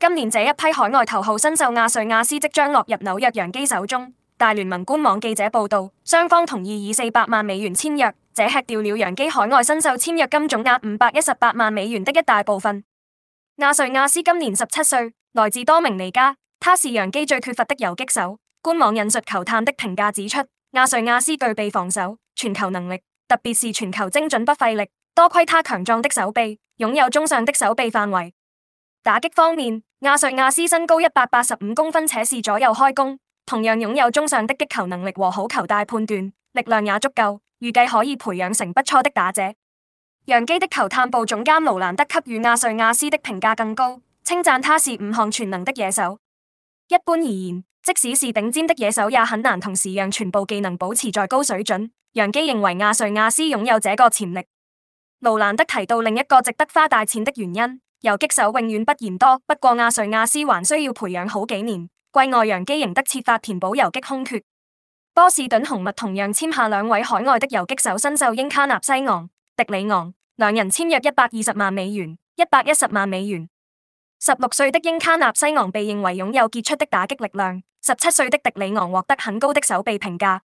今年這一批海外頭號新秀亞瑞亞斯即將落入紐約洋基手中。大聯盟官網記者報道，雙方同意以四百萬美元簽約，這吃掉了洋基海外新秀簽約金總額五百一十八萬美元的一大部分。亞瑞亞斯今年十七歲，來自多明尼加，他是洋基最缺乏的游擊手。官網引述球探的評價指出，亞瑞亞斯具備防守傳球能力，特別是傳球精準不費力，多虧他強壯的手臂，擁有中上的手臂範圍。打擊方面。阿瑞亞斯身高一百八十五公分，且是左右開弓，同樣擁有中上的擊球能力和好球帶判斷，力量也足夠，預計可以培養成不錯的打者。洋基的球探部總監勞蘭德給予阿瑞亞斯的評價更高，稱讚他是五項全能的野手。一般而言，即使是頂尖的野手也很難同時讓全部技能保持在高水準。洋基認為阿瑞亞斯擁有這個潛力。勞蘭德提到另一個值得花大錢的原因。遊擊手永遠不嫌多，不過亞瑞亞斯還需要培養好幾年，季外洋基仍得設法填補遊擊空缺。波士頓紅襪同樣簽下兩位海外的遊擊手，新秀英卡納西昂、迪里昂，兩人簽約一百二十萬美元、一百一十萬美元。十六歲的英卡納西昂被認為擁有傑出的打擊力量，十七歲的迪里昂獲得很高的手臂評價。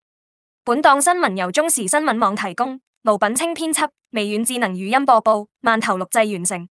本檔新聞由中時新聞網提供，盧品清編輯，微軟智能語音播報，慢頭錄製完成。